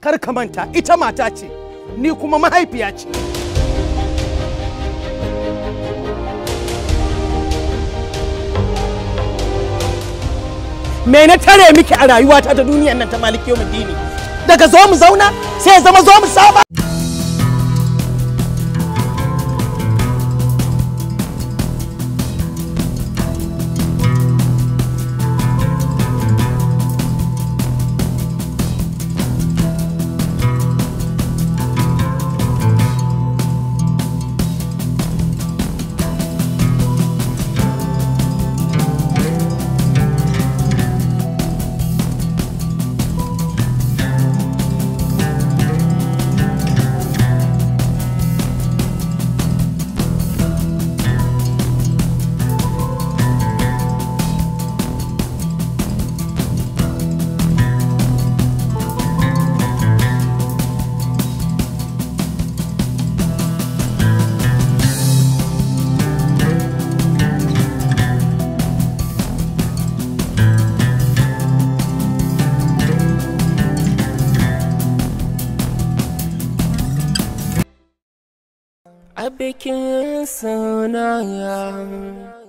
kar ka manta ita mata ce ni kuma mahaifiya ce me na tare miki a rayuwata da duniyar nan ta maliki yau daga zo mu zauna sai zama zo mu saba I became so now.